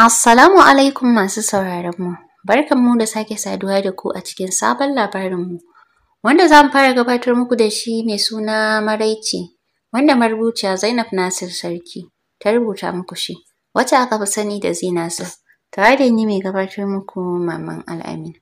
Assalamu alaikum masu sauraron sauraronmu. Barkanmu da sake saduwa da ku a cikin sabon labarinmu, wanda za mu fara gabatar muku da shi mai suna Maraici, wanda marubuciya Zainab Nasir Sarki ta rubuta muku shi, wacce aka fi sani da zinasa, tare da ni mai gabatar muku Maman Al'amin.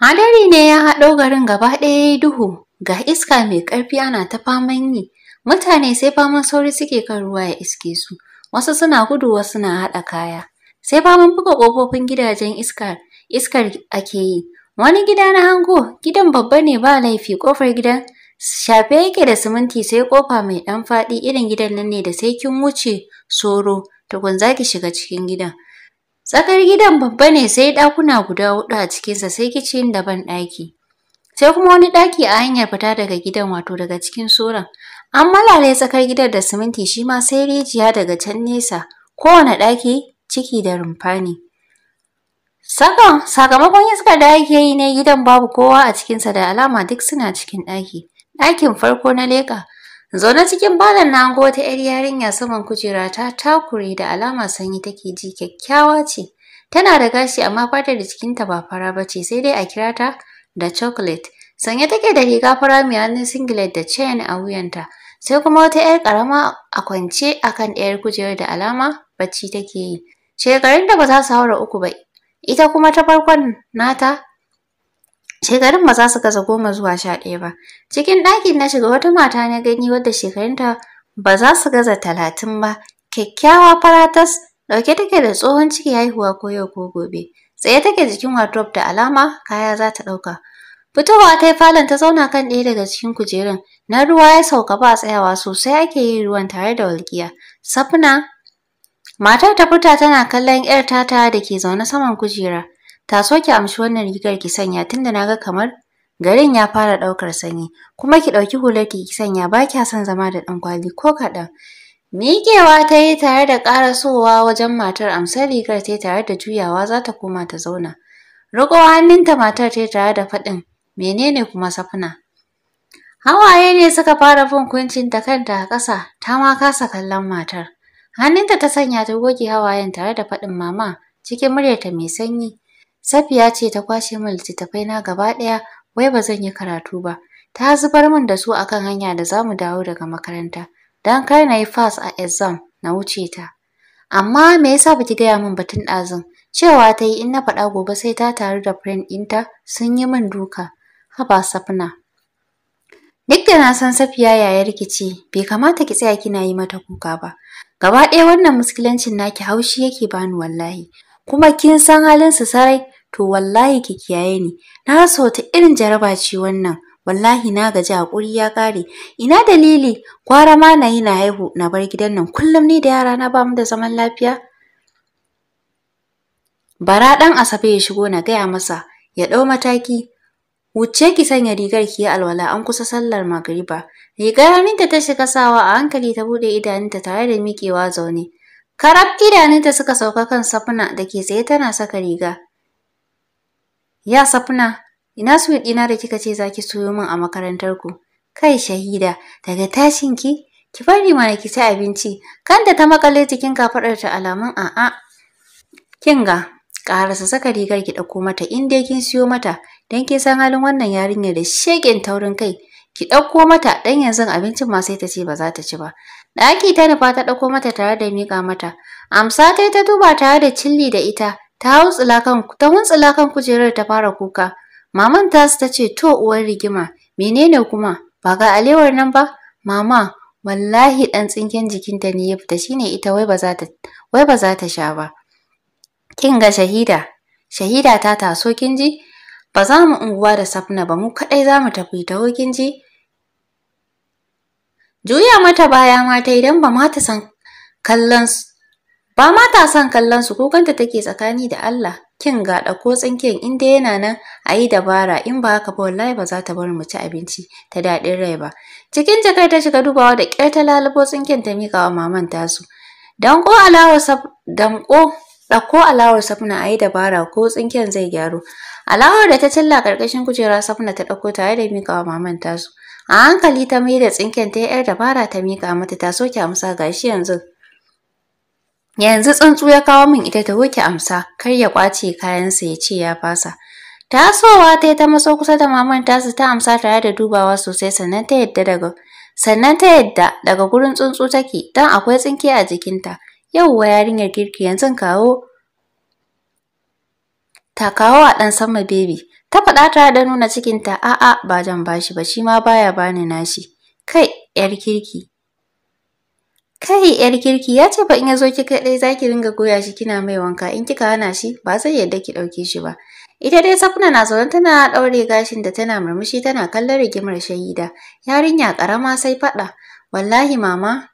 Hadari ne ya haɗo garin gaba ɗaya duhu, ga iska mai ƙarfi ana ta faman yi. Mutane sai faman sauri suke kan ruwa ya iske su, wasu suna gudu wasu na haɗa kaya. Sai faman buga ƙofofin gidajen iskar, iskar ake yi. Wani gida na hango, gidan babba ne ba laifi ƙofar gidan shafe yake da siminti sai ƙofa mai ɗan faɗi irin gidan nan ne da sai kin wuce soro tukun za ki shiga cikin gidan. Tsakar gidan babba ne sai ɗakuna guda huɗu a cikinsa sai kicin da ban ɗaki. Sai kuma wani ɗaki a hanyar fita daga gidan wato daga cikin soron. An malale tsakar gidan da siminti shi ma sai rijiya daga can nesa, kowane ɗaki ciki da rumfa ne. Sakan sakamakon iskar da ake yi ne gidan babu kowa a cikinsa da alama duk suna cikin ɗaki. Ɗakin farko na leƙa, zaune cikin balon na hango wata 'yar yarinya saman kujera ta takure da alama sanyi take ji kyakkyawa ce. Tana da gashi amma fatar da cikinta ba fara ba ce sai dai a kira ta da chocolate. Sanye take da riga fara mai hannun singlet da chain a wuyanta. sai kuma wata 'yar ƙarama a kwance a kan ɗayar kujerar da alama bacci take yi. Shekarun da ba za su haura uku ba, ita kuma ta farkon nata shekarun ba za su gaza goma zuwa sha ɗaya ba. Cikin ɗakin na shiga wata mata na gani wadda shekarunta ba za su gaza talatin ba, kyakkyawa faratas ɗauke take da tsohon ciki haihuwa ko yau ko gobe. Tsaye take jikin wardrobe da alama kaya za ta ɗauka. Fitowa ta yi falon ta zauna kan ɗaya daga cikin kujerun. Na ruwa ya sauka ba tsayawa sosai ake yin ruwan tare da walƙiya. Safna Matar ta fita tana kallon 'yar ta da ke zaune saman kujera. Ta so ki amshi wannan rigar ki sanya tunda na ga kamar garin ya fara ɗaukar sanyi. Kuma ki ɗauki hular ki sanya ba kya son zama da ɗan kwali ko kaɗan. Miƙewa ta yi tare da ƙarasowa wajen matar amsar rigar ta tare da juyawa za ta koma ta zauna. Riƙo hannunta matar ta tare da faɗin menene kuma safuna? hawaye ne suka fara kuncin ta kanta a ƙasa ta ma kasa kallon matar hannunta ta sanya ta goge hawayen tare da faɗin mama cikin muryarta mai sanyi safiya ce ta kwashe min littattafai na gaba ɗaya wai ba zan yi karatu ba ta zubar min da su akan hanya da za mu dawo daga makaranta don kar na yi fas a exam na wuce ta amma me yasa ba ki gaya min batun ɗazun cewa ta yi in na faɗa gobe sai ta taru da friend ɗinta sun yi min duka haba safna duk da na san safiya yaya rikici bai kamata ki tsaya kina yi mata kuka ba gaba ɗaya wannan muskilancin naki haushi yake bani wallahi kuma kin san halin su sarai to wallahi ki kiyaye ni na rasa wata irin jaraba ce wannan wallahi na gaji hakuri ya kare ina dalili kwara ma na yi na haihu na bar gidan nan kullum ni da yara na ba mu da zaman lafiya bara ɗan asabe ya shigo na gaya masa ya ɗau mataki Wuce ki sanya rigar ki alwala an kusa sallar magriba. Rigar hannunta ta shiga sawa a hankali ta bude idanunta tare da miƙewa zaune. Karab idanunta suka sauka kan safuna da ke tsaye tana saka riga. Ya safuna, ina su ɗina da kika ce za ki soyo min a makarantar ku. Kai shahida, daga tashin ki, ki bari mana ki ci abinci. Kanta ta makale jikin ta alamun a'a. Kinga, ƙarasa saka rigar ki ɗauko mata in dai kin siyo mata. don ke san halin wannan yarinyar da shegen taurin kai ki ɗauko mata dan yanzu abincin ma sai ta ce ba za ta ci ba ɗaki ta nufa ta ɗauko mata tare da miƙa mata amsa ta ta duba tare da cilli da ita ta huntsula kan ta kan kujerar ta fara kuka maman ta ta ce to uwar rigima menene kuma ba ga alewar nan ba mama wallahi ɗan tsinken jikinta ne ya fita shine ita wai ba za ta wai ba za ta sha ba kin ga shahida shahida ta taso kin ji Ba za mu unguwa da Safna ba mu kaɗai za mu tafi ta kin ji? Juya mata baya mata idan ba mata san kallon ba mata san kallon su ko kanta take tsakani da Allah kin ga ko tsinken in yana nan ayi dabara in ba haka ba wallahi ba za ta bar mu ci abinci ta daɗin rai ba cikin jakar ta shiga dubawa da ƙyar ta lalubo tsinken ta mika wa maman tasu danko alawa sab danko Ɗauko alawar safuna a yi dabara ko tsinken zai gyaru. Alawar da ta cilla ƙarƙashin kujera safuna ta ɗauko tare da miƙa wa maman tasu. A hankali ta mai da tsinken ta ‘yar dabara ta miƙa mata ta soke amsa gashi yanzu. Yanzu tsuntsu ya kawo min ita ta wuke amsa kar ya ƙwace kayansa ya ce ya fasa. Tasowa ta ta maso kusa da maman tasu ta amsa tare da dubawa sosai sannan ta yadda daga sannan ta yadda daga gurin tsuntsu take don akwai tsinke a jikinta. Yau, wa yarinyar girki yanzu kawo ta kawo a ɗan sama baby ta faɗa tare da nuna cikinta a'a ba jan bashi ba shi ma baya bani nashi kai yar kirki kai yar kirki ya ce ba in yazo ki kaɗai za ki ringa goya shi kina mai wanka in kika hana shi ba zai yarda ki ɗauke shi ba ita dai sakuna na zaune tana daure gashin da tana murmushi tana kallon rigimar shahida yarinya karama sai faɗa wallahi mama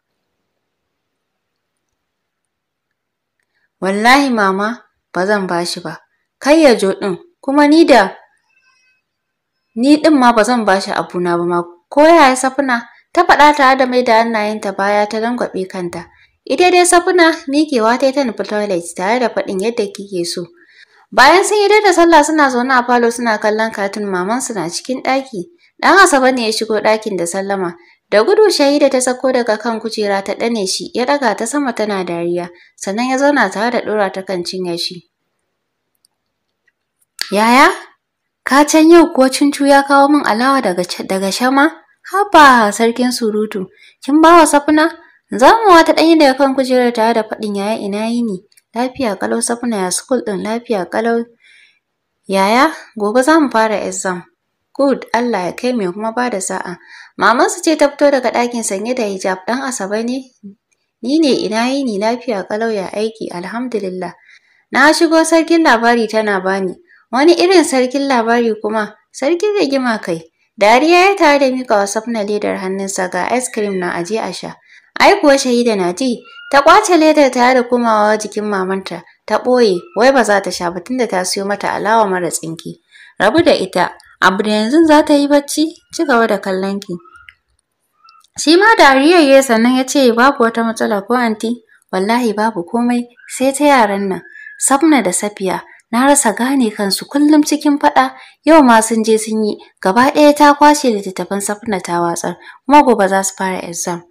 Wallahi mama ba zan bashi ba. Kai ya jo ɗin kuma ni da ni ɗin ma ba zan bashi na ba ma ko yaya safuna ta faɗa ta da mai da hannayenta baya ta dangwabe kanta. Ita dai safuna miƙewa ta ta nufi toilet tare da faɗin yadda kike so. Bayan sun yi da sallah suna zaune a falo suna kallon katun mamansu na cikin ɗaki. Dan Asabe ne ya shigo ɗakin da sallama. Da gudu shahida ta sako daga kan kujera ta ɗane shi, ya ɗaga ta sama tana dariya, sannan ya zauna tare da ɗora ta kan cinye shi. Yaya, ka can yau ko cincu ya kawo min alawa daga shama? Haba sarkin surutu, kin ba wa safuna? Zamuwa ta ɗanyi daga kan kujera tare da faɗin yaya ina yi yini. Lafiya kalau safuna ya sukul ɗin lafiya kalau. Yaya, gobe za mu fara exam. Good, Allah ya kai mai kuma ba da sa'a. Mamansu ce ta fito daga ɗakin sanye da hijab ɗan Asabe ne? Ni ne ina yi ni lafiya ƙalau ya aiki alhamdulillah. Na shigo sarkin labari tana bani. Wani irin sarkin labari kuma sarkin da rigima kai. Dariya ya tare da mika wa safna ledar hannunsa ga ice cream na aje a sha. Ai kuwa shahida na ji ta kwace ledar tare da komawa jikin mamanta ta ɓoye wai ba za ta sha ba da ta siyo mata alawa mara tsinki. Rabu da ita abu da yanzu za ta yi bacci ci gaba da kallon ki shi ma dariyar ya sannan ya ce babu wata matsala ko anti wallahi babu komai sai ta yaran nan sabna da safiya na rasa gane kansu kullum cikin faɗa yau ma sun je sun yi gaba ɗaya ta kwashe littattafan sabna ta watsar kuma gobe za su fara exam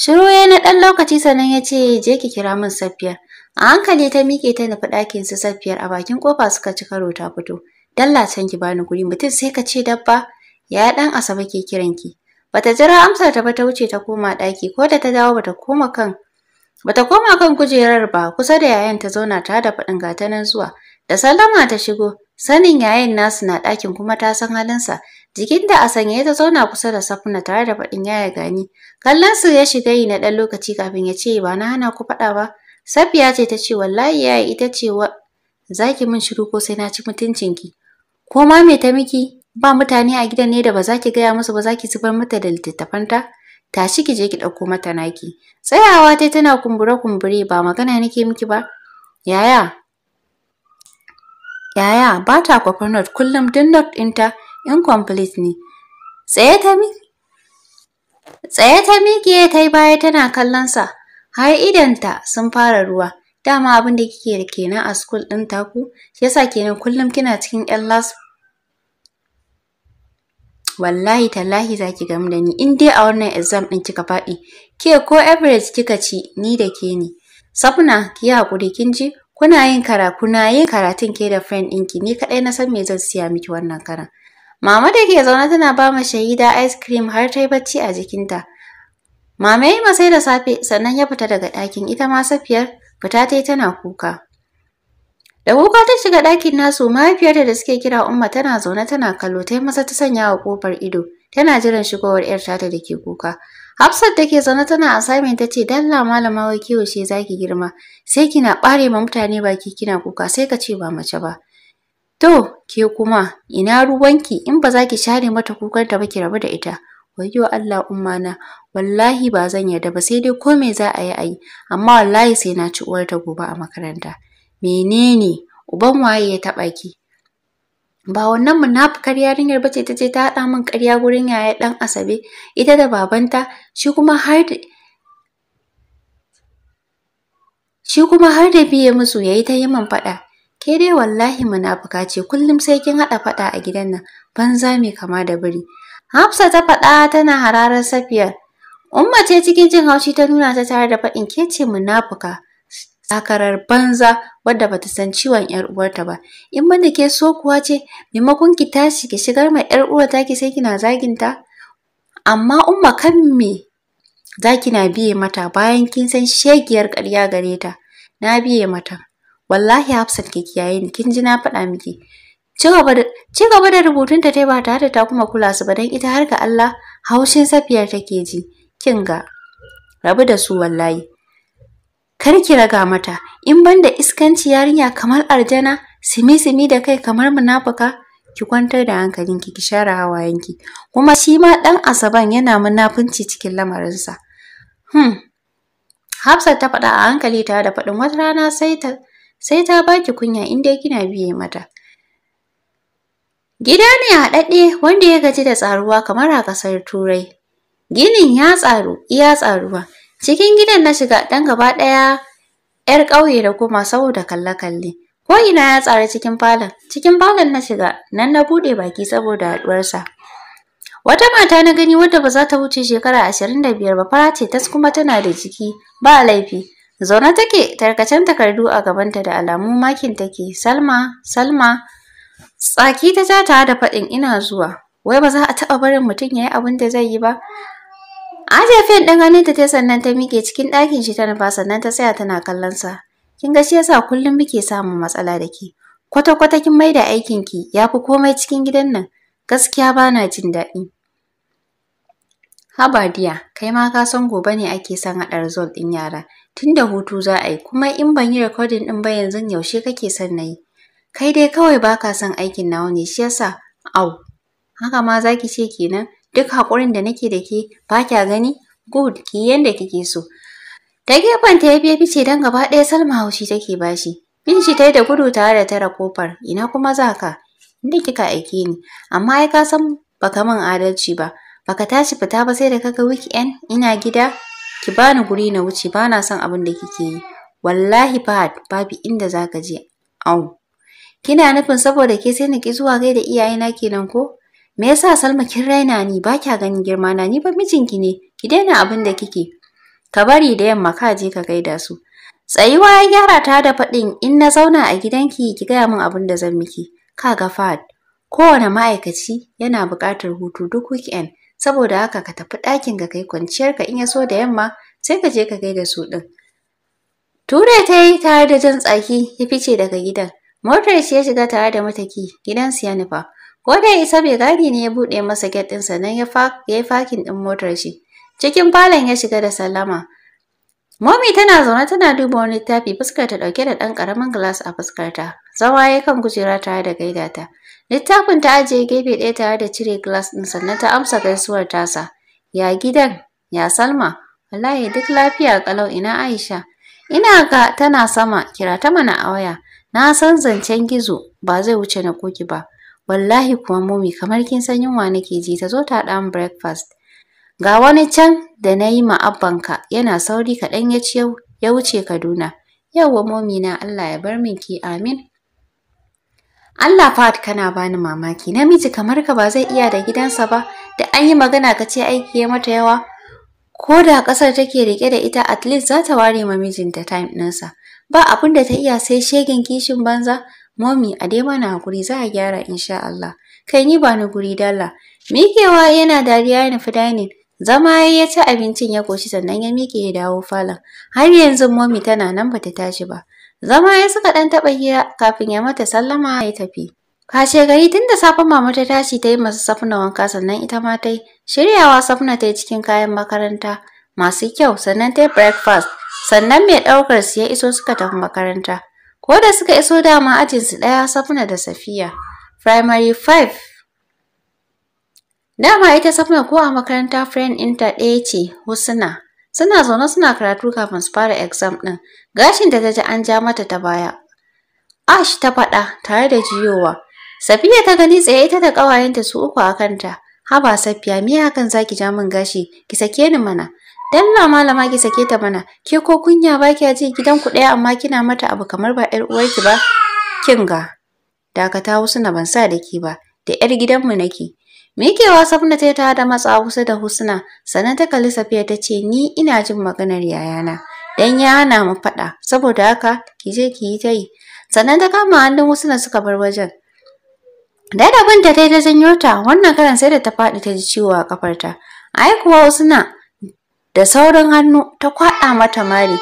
shiru ya na ɗan lokaci sannan ya ce je ki kira min safiyar a hankali ta miƙe ta nufi ɗakin su safiyar a bakin ƙofa suka ci karo ta fito Dallacen ki bani guri mutum sai ka ce dabba ya dan asabe ke kiran kiranki bata jira amsar ta ba ta wuce ta koma daki ko da ta dawo bata koma kan bata koma kan kujerar ba kusa da yayan ta zauna ta da fadin gata nan zuwa da sallama ta shigo sanin yayan nasu na dakin kuma ta san halinsa jikin da a sanye ta zauna kusa da safuna tare da faɗin yaya gani kallon su ya shiga yi na ɗan lokaci kafin ya ce ba na hana ku faɗa ba safiya ce ta ce wallahi yaya ita ce wa zaki mun shiru ko sai na ci mutuncin ki? Ko ma me ta miki? Ba mutane a gidan ne da ba za ki gaya musu ba za ki zubar mata da littattafanta? Tashi ki je ki ɗauko mata naki. Tsayawa ta tana kumbure-kumbure ba magana nake miki ba. Yaya? Yaya ba ta kwafar not kullum din not ɗinta incomplete ne. Tsaye ta mi? Tsaye ta miƙe ta yi baya tana kallon sa. har idanta sun fara ruwa. Dama abin da kike da kenan a school ɗin taku, shi yasa kenan kullum kina cikin ƴan las wallahi tallahi zaki ki gamu da ni in dai a wannan exam din kika faɗi ke ko average kika ci ni da ke ni safna ki hakuri haƙuri kin ji kuna yin kara kuna yin karatun ke da friend ɗinki ni kadai na san me zan siya miki wannan karan mama da ke zaune tana ba ma shahida ice cream har ta yi bacci a jikinta mama yi masai da safe sannan ya fita daga ɗakin ita ma safiyar fita tai tana kuka da kuka ta shiga ɗakin nasu mahaifiyarta da suke kira umma tana zaune tana kallo ta masa ta sanya wa kofar ido tana jiran shigowar yar tata da ke kuka Hafsat da ke zaune tana assignment ta ce dalla malama wai kiwo ce zaki girma sai kina ɓare ma mutane baki kina kuka sai ka ce ba mace ba to ke kuma ina ruwanki in ba za ki share mata kukanta da ba ki rabu da ita wayyo Allah umma na wallahi ba zan yarda ba sai dai ko me za a yi a yi amma wallahi sai na ci uwarta gobe a makaranta menene uban waye ya taɓa ki ba wannan munafukar yarinyar bace ta ce ta haɗa min ƙarya gurin yaya ɗan asabe ita da babanta shi kuma har da shi kuma har da biye musu yayi ta yi min faɗa ke dai wallahi munafuka ce kullum sai kin haɗa faɗa a gidan nan banza mai kama da biri Hafsa ta faɗa tana hararar safiyar. Umma ce cikin jin haushi ta nuna ta tare da faɗin ke ce munafuka. Sakarar banza wadda bata san ciwon ‘yar uwarta ba. In da ke so kuwa ce, maimakon ki tashi ki shigar ma ƴar uwar ki sai kina zaginta. Amma umma kan me za kina biye mata bayan kin san shegiyar ƙarya gare ta. Na biye mata. Wallahi Hafsat ki kiyaye ni kin ji na faɗa miki. ci gaba da rubutun ta ba tare da ta kuma kula su ba don ita har ga Allah haushin safiyar take ji kin ga rabu da su wallahi kar ki raga mata in banda iskanci yarinya kamar aljana simi simi da kai kamar munafuka ki kwantar da hankalinki ki share ki kuma shi ma dan asaban yana munafunci cikin lamarinsa hmm hafsa ta faɗa a hankali ta da faɗin wata rana sai ta sai ta baki kunya in kina biye mata Gida ne a haɗaɗɗe wanda ya gaji da tsaruwa kamar a ƙasar Turai. Ginin ya tsaru, iya tsaruwa. Cikin gidan na shiga ɗan gaba ɗaya ‘yar ƙauye da kuma saboda kalle-kalle. Ko ina ya tsara cikin falon, cikin falon na shiga, nan na buɗe baki saboda haɗuwarsa. Wata mata na gani wadda ba za ta wuce shekara ashirin da biyar ba fara ce tas kuma tana da jiki ba laifi. Zaune take tarkacen takardu a gabanta da alamu makin take Salma, Salma, Tsaki ta ja tare da faɗin ina zuwa, wai ba za a taɓa barin mutum ya yi abin da zai yi ba. Ajiye fiyan ɗan ganin ta sannan ta miƙe cikin ɗakin shi ta nufa sannan ta tsaya tana kallon sa. Kin ga shi yasa kullum muke samun matsala da ke. Kwata-kwata kin maida aikin ki yafi komai cikin gidan nan. Gaskiya bana na jin daɗi. Habadiya, kai ma ka san gobe ne ake son haɗa result ɗin yara. Tunda hutu za a yi, kuma in ban yi recording ɗin ba yanzu yaushe kake son na yi? Kai dai kawai ba ka son aikin nawa ne shi yasa au. Haka ma za ki ce kenan duk haƙurin da nake da ke ba kya gani? Good ki yanda kike so. Ta ta ya biya fice don gaba ɗaya Salma haushi take bashi. Bin shi ta yi da gudu tare da tara kofar ina kuma za ka? Inda kika aike ni amma ai ka san baka min adalci ba. Baka tashi fita ba sai da kaga weekend ina gida ki bani guri na wuce bana son abin da kike yi. Wallahi Fahad babu inda za ka je. Au. Kina nufin saboda ke sai na ki zuwa gaida iyayena kenan ko? Me yasa Salma kin raina ni ba kya ganin girma na ni ba mijinki ne. Ki daina abin da kike. Ka bari da yamma ka je ka gaida su. Tsayuwa ya gyara ta da faɗin in na zauna a gidanki ki gaya min abin da zan miki. Ka ga Fad. kowane ma'aikaci yana buƙatar hutu duk weekend saboda haka ka tafi ɗakin ga kai kwanciyar ka in ya so da yamma sai ka je ka gaida su ɗin. Ture ta yi tare da jan tsaki ya fice daga gidan. Motar shi ya shiga tare da mataki gidansu ya nufa. Ko da ya isa bai gadi ne ya buɗe masa gate ɗin sannan ya yi fakin ɗin motar shi. Cikin falon ya shiga da sallama. Mami tana zaune tana duba wani littafi fuskar ta ɗauke da ɗan ƙaramin glass a fuskar ta. Zawa ya kan kujera tare da gaida ta. Littafin ta ajiye gefe ɗaya tare da cire glass ɗin sannan ta amsa gaisuwar tasa. Ya gidan, ya Salma, wallahi duk lafiya ƙalau ina Aisha. Ina ga tana sama, kira ta mana a waya. Na san zancen gizo ba zai wuce na koki ba. Wallahi kuma momi kamar kin san yunwa nake ji ta zo ta haɗa breakfast. Ga wani can da na yi ma'abbanka yana sauri kaɗan ya ci ya wuce Kaduna. Yawwa momi na Allah ya bar min ki amin. Allah fat kana bani mamaki namiji kamar ka ba zai iya da gidansa ba da an yi magana ka ce aiki ya mata yawa ko da ƙasar take rike da ita at least za ta ware ma mijinta time ɗinsa Ba abin da ta iya sai shegen kishin banza. Mommy, a dai mana hakuri za a gyara insha Allah. Kai ni ba ni guri dalla. Mikewa yana dariya ya nufi dining. Zama ya ci abincin ya koshi sannan ya mike ya dawo falon. Har yanzu mommy tana nan ba ta tashi ba. Zama ya suka dan taba hira kafin ya mata sallama ya tafi. Kashe gari tun da safen mama ta tashi ta yi masu safuna wanka sannan ita ma ta yi shiryawa safna ta yi cikin kayan makaranta masu kyau sannan ta yi breakfast sannan mai ɗaukar su ya iso suka tafi makaranta ko da suka iso dama ajin su ɗaya safna da safiya primary 5 dama ita safna ko a makaranta friend inta ɗaya ce husna suna zaune suna karatu kafin su fara exam ɗin gashin da ta ji an ja mata ta baya ash ta faɗa tare da jiyowa Safiya ta gani tsaye ita da ƙawayenta su uku a kanta. Haba Safiya, me hakan zaki ja min gashi? Ki sake ni mana. Dalla malama ki sake ta mana, ke ko kunya ba kya gidan ku ɗaya amma kina mata abu kamar ba ‘yar uwarki ba? Kin ga. Dakata Husna ban sa da ki ba, da ‘yar gidanmu nake. wa Safna ta ta da matsa kusa da Husna, sannan ta kalli Safiya ta ce ni ina jin maganar yayana. Dan ya hana mu faɗa, saboda haka ki je ki yi ta yi. Sannan ta kama hannun Husna suka bar wajen. Da da ta ta janyo ta, wannan karan sai da ta faɗi ta ji ciwo a kafarta. Ai kuwa Husna da saurin hannu ta kwaɗa mata mari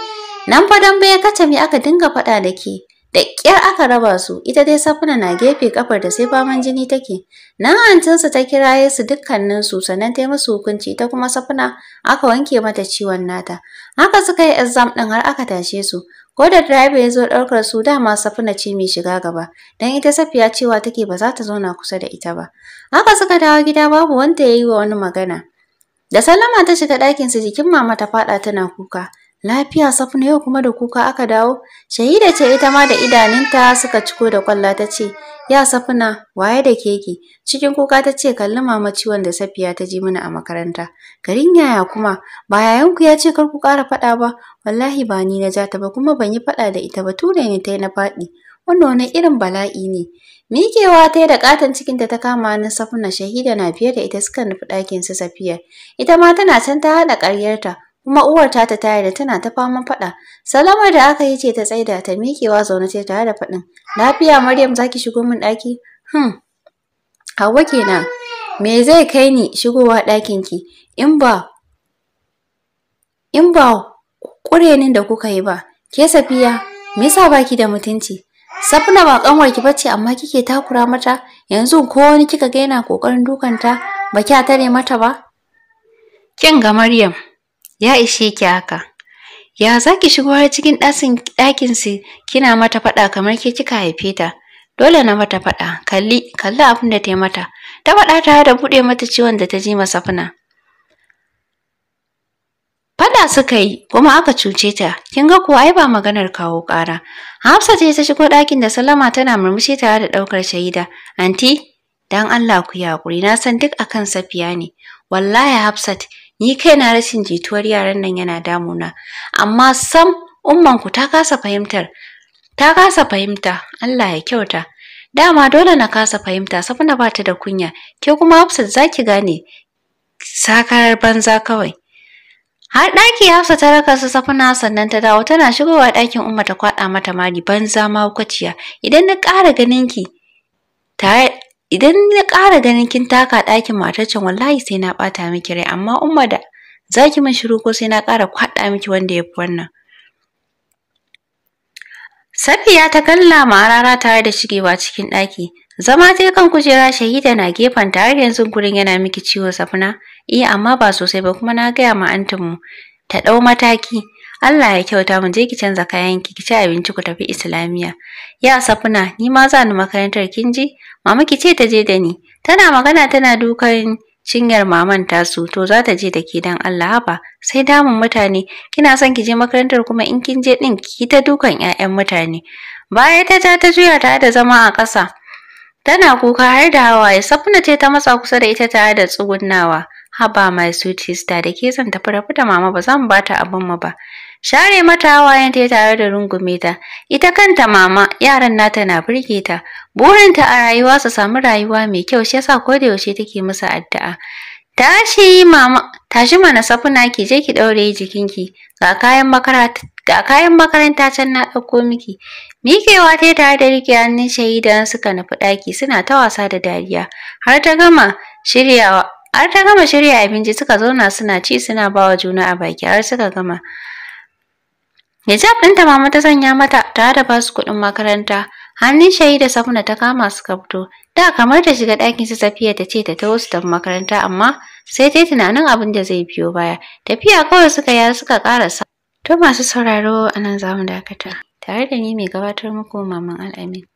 nan fa dan bai kace me aka dinga faɗa da ke da ƙyar aka raba su ita dai safuna na gefe kafar da sai faman jini take nan antinsu ta kiraye su dukkanin su sannan ta musu hukunci ta kuma safuna aka wanke mata ciwon nata haka suka yi exam ɗin har aka tashe su ko da driver ya zo ɗaukar su dama safuna ce mai shiga gaba dan ita safiya cewa take ba za ta zauna kusa da ita ba haka suka dawo gida babu wanda ya yi wa wani magana Da Salama ta shiga sa jikin mama ta faɗa tana kuka. Lafiya safna yau kuma da kuka aka dawo. Shahida ce ita ma da idanunta suka ciko da kwalla ta ce, Ya safna, waye da keke? Cikin kuka ta ce, Kalli mama ciwon da safiya ta ji mana a makaranta. Garin yaya kuma, ba yayanku ya ce kar ku ƙara faɗa ba, wallahi ba ni na ja ta ba kuma ban yi faɗa da ita ba ture ne ta yi na faɗi. Wannan wani irin bala'i ne. Mikewa ta yi da katon cikinta ta kama hannun safuna shahida na fiye da ita suka nufi ɗakin su safiyar. Ita ma tana can ta haɗa ƙaryarta kuma uwar ta ta tayar da tana ta faman faɗa. Salamar da aka yi ce ta tsaida ta mikewa zaune ce tare da faɗin. Lafiya Maryam za ki shigo min ɗaki? Hmm. Hauwa kenan. Me zai kai ni shigowa ɗakinki in ba in ba ƙurenin da kuka yi ba. Ke Safiya, me yasa baki da mutunci? Safna ba kanwar ki bace amma kike takura mata, yanzu ko wani kika ga yana kokarin dukanta, ba kya tare mata ba? Kin ga Maryam, ya ishe ki haka. Ya zaki shigo har cikin dakin si kina mata faɗa kamar ke kika haife ta. Dole na mata faɗa, kalli, kalli abin da ta yi mata. Ta faɗa ta da buɗe mata ciwon da ta ji masa safina. Fada suka yi kuma aka cuce ta, kin ga kuwa ai ba maganar kawo kara Hafsa ce ta shigo ɗakin da Salama tana murmushi tare da ɗaukar shaida. Anti, dan Allah ku yi hakuri, na san duk akan Safiya ne. Wallahi Hafsat, ni kaina rashin jituwar yaran nan yana damuna. Amma sam umman ku ta kasa fahimtar. Ta kasa fahimta, Allah ya kyauta. Dama dole na kasa fahimta, saboda ba ta da kunya. Ke kuma Hafsat za ki gane. Sakarar banza kawai. har ɗaki hafsa ta raka su safuna sannan ta dawo tana shigowa ɗakin umma ta kwaɗa mata mari banza ma kwaciya idan na ƙara ganin ki idan na ƙara ganin kin taka ɗakin matacin wallahi sai na ɓata miki rai amma umma da zaki ki min shiru ko sai na ƙara kwaɗa miki wanda ya fi wannan Safiya ta kalla marara tare da shigewa cikin ɗaki. Zama ta kan kujera shahida na gefen ta har yanzu gurin yana miki ciwo safna. Eh amma ba sosai ba kuma na gaya ma antinmu ta ɗau mataki. Allah ya kyauta mu je ki canza kayan ki ci abinci ku tafi Islamiya. Ya safna ni ma za ni makarantar kin ji? Mama ki ce ta je da ni. Tana magana tana dukan cinyar maman su to za ta je da ke dan Allah haba sai damun mutane kina son ki je makarantar kuma in kin je din ki ta dukan 'ya'yan mutane baya ta ta juya ta da zama a ƙasa Tana kuka har da hawaye, Safna ce ta matsa kusa da ita tare da tsugunnawa. Haba my sweet sister da ke zan tafi rafi mama ba zan ba ta abin mu ba. Share mata hawayen ta tare da rungume ta. Ita kanta mama yaran nata na burge ta. Burinta a rayuwa su samu rayuwa mai kyau shi yasa koda yaushe take musu addu'a. tashi mama tashi mana safuna ki je ki daure jikinki ga kayan makaranta ga kayan makaranta can na dauko miki mikewa ta ta da rike hannun shahidan suka nufi ɗaki suna ta wasa da dariya har ta gama shiryawa har ta gama shirya abinci suka zauna suna ci suna bawa juna a baki har suka gama hijab ɗinta mama ta sanya mata ta da basu kuɗin makaranta hannun shahida safuna ta kama suka fito Da kamar ta shiga ɗakin su Safiya ta ce ta taho su tafi makaranta amma sai ta yi tunanin abin da zai biyo baya. Tafiya kawai suka yi suka sa. To masu sauraro a nan za mu dakata. Tare da ni mai gabatar muku Maman Al'amin.